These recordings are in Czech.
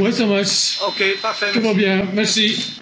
Ouais, ça Ok, parfait. Tout va bien. Merci.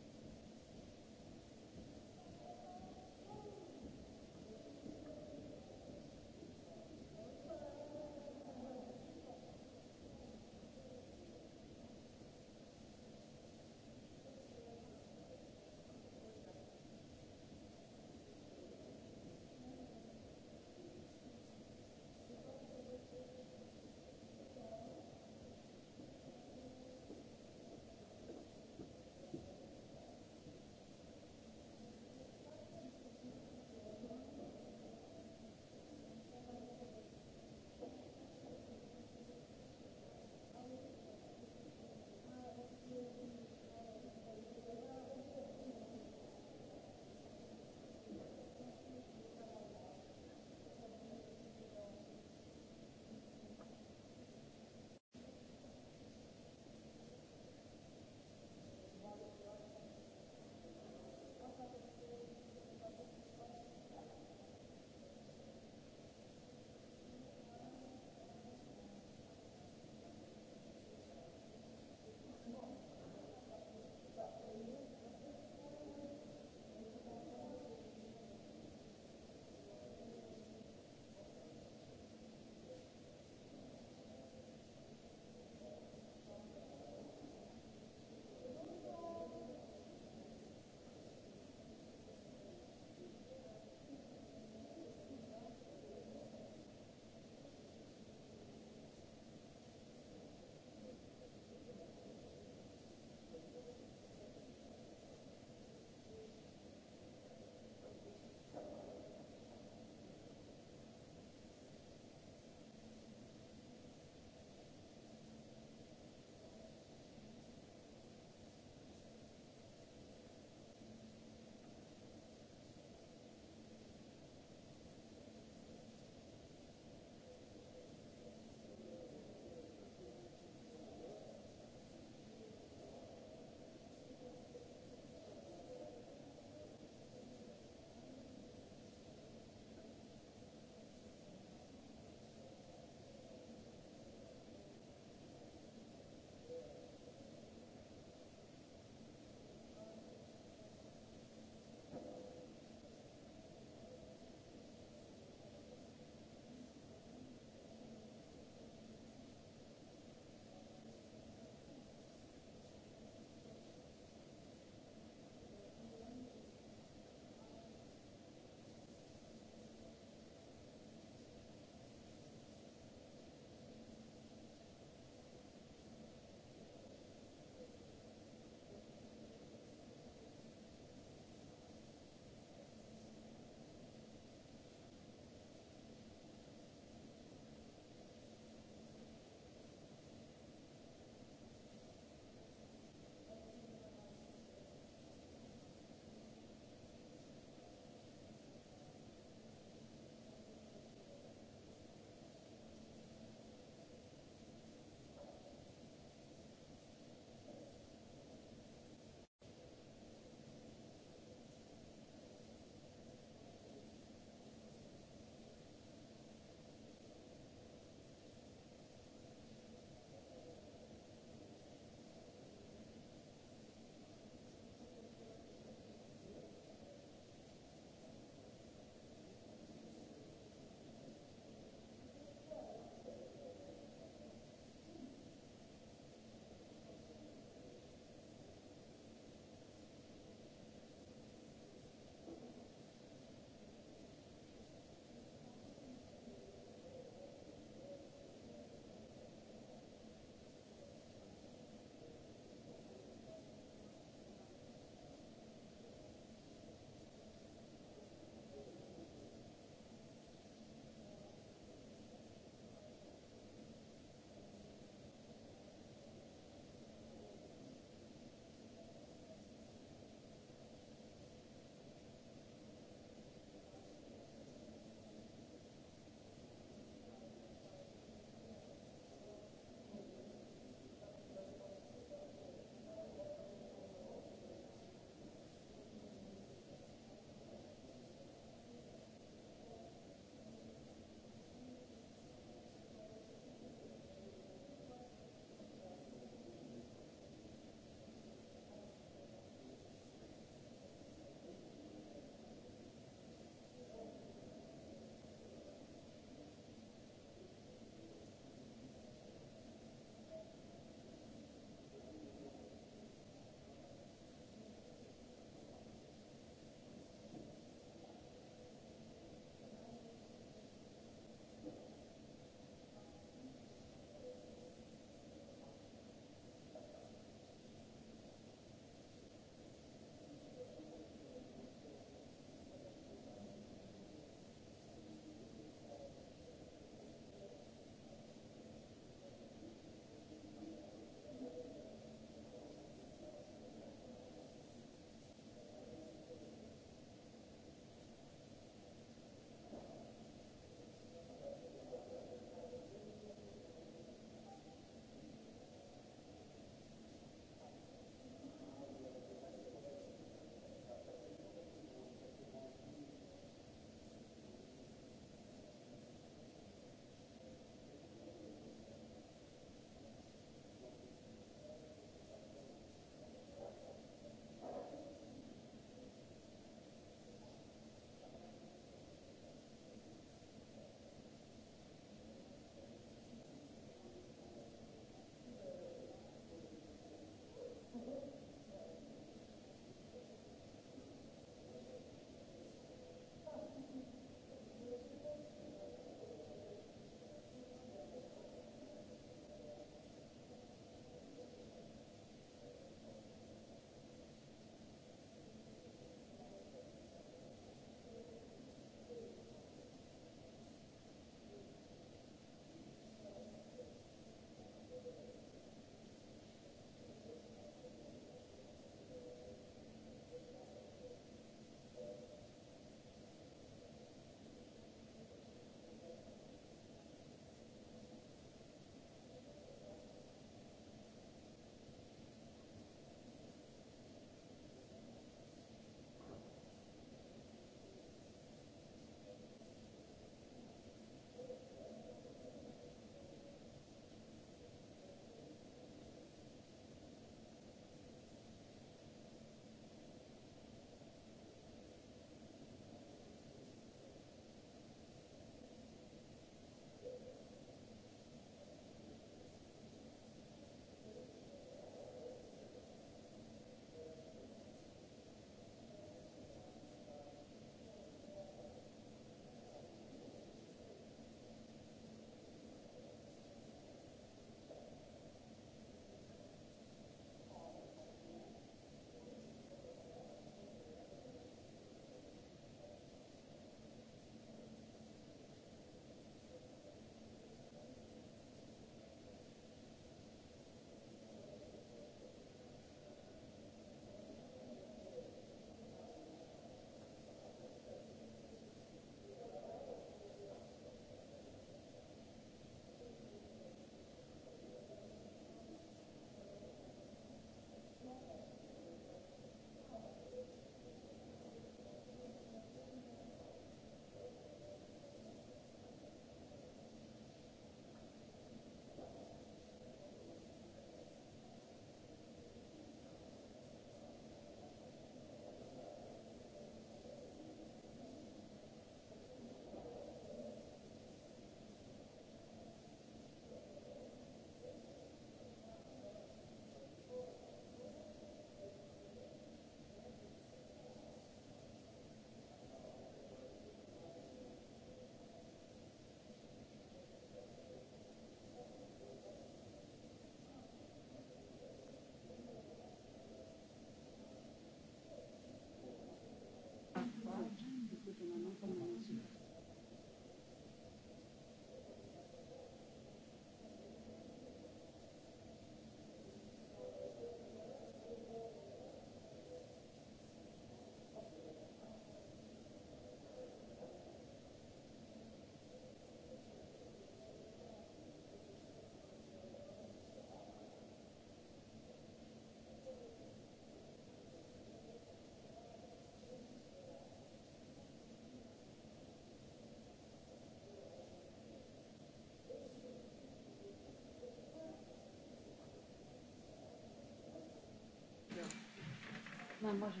Ne, može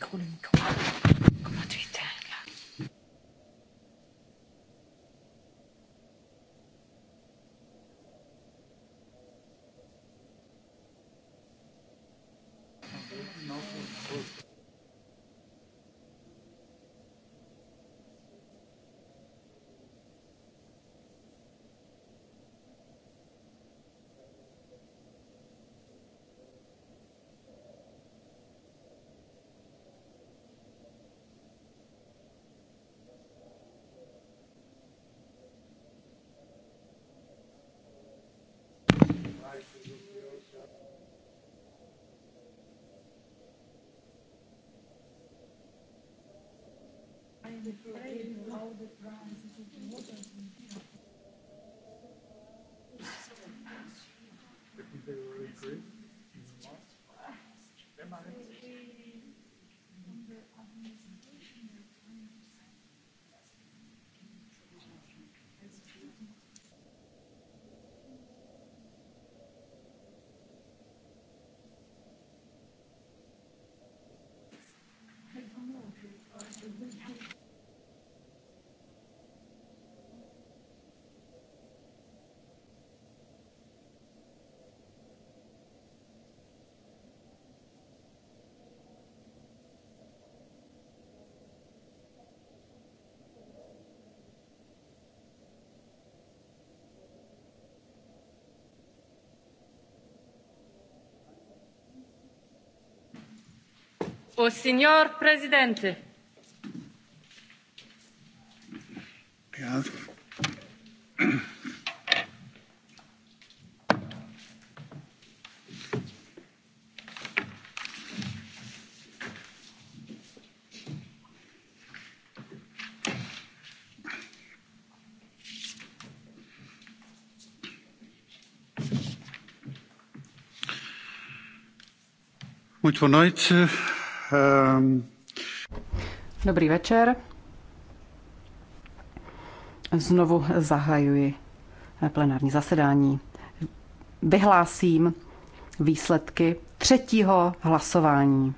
micro, le O signor Presidente. Muito boa noite. Ehm. Dobrý večer. Znovu zahajuji plenární zasedání. Vyhlásím výsledky třetího hlasování.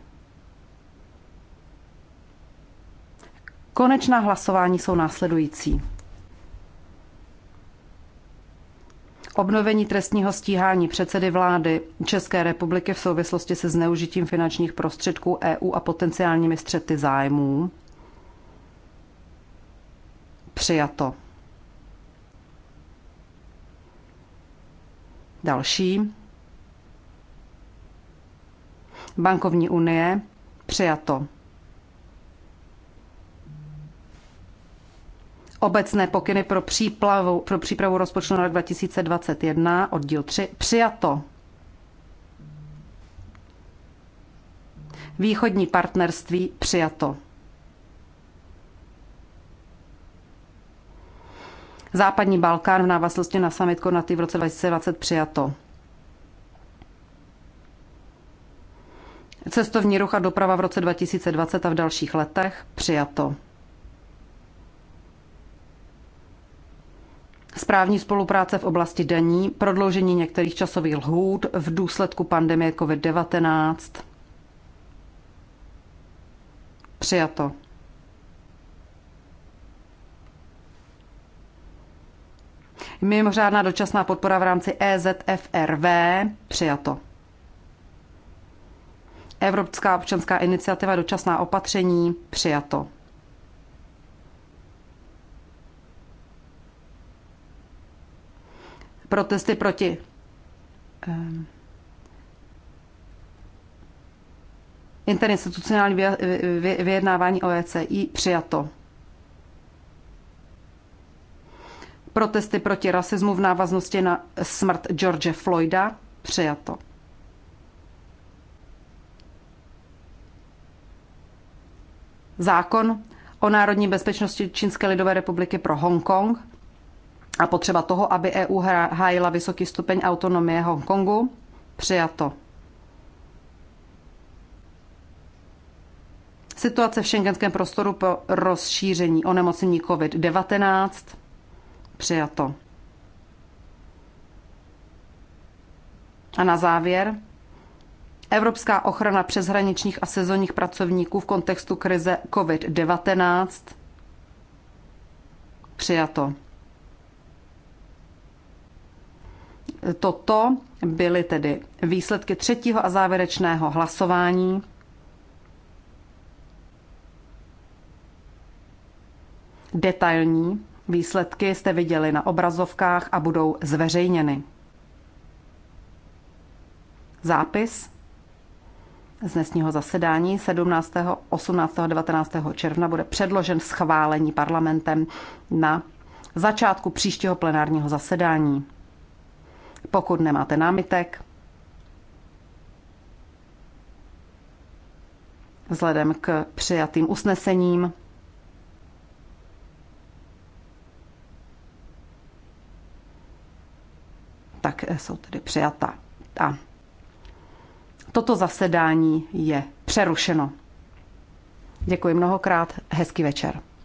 Konečná hlasování jsou následující. obnovení trestního stíhání předsedy vlády České republiky v souvislosti se zneužitím finančních prostředků EU a potenciálními střety zájmů. Přijato. Další. Bankovní unie. Přijato. Obecné pokyny pro, příplavu, pro přípravu rozpočtu na rok 2021, oddíl 3, přijato. Východní partnerství přijato. Západní Balkán v návaznosti na summit konatý v roce 2020 přijato. Cestovní ruch a doprava v roce 2020 a v dalších letech přijato. správní spolupráce v oblasti daní, prodloužení některých časových lhůt v důsledku pandemie COVID-19. Přijato. Mimořádná dočasná podpora v rámci EZFRV. Přijato. Evropská občanská iniciativa dočasná opatření. Přijato. protesty proti ehm, interinstitucionální vyjednávání OECI přijato. Protesty proti rasismu v návaznosti na smrt George Floyda přijato. Zákon o národní bezpečnosti Čínské lidové republiky pro Hongkong a potřeba toho, aby EU hájila vysoký stupeň autonomie Hongkongu, přijato. Situace v šengenském prostoru po rozšíření onemocnění COVID-19 přijato. A na závěr Evropská ochrana přeshraničních a sezónních pracovníků v kontextu krize COVID-19 přijato. Toto byly tedy výsledky třetího a závěrečného hlasování. Detailní výsledky jste viděli na obrazovkách a budou zveřejněny. Zápis z dnesního zasedání 17., 18., 19. června bude předložen schválení parlamentem na začátku příštího plenárního zasedání. Pokud nemáte námitek, vzhledem k přijatým usnesením, tak jsou tedy přijata. A toto zasedání je přerušeno. Děkuji mnohokrát, hezký večer.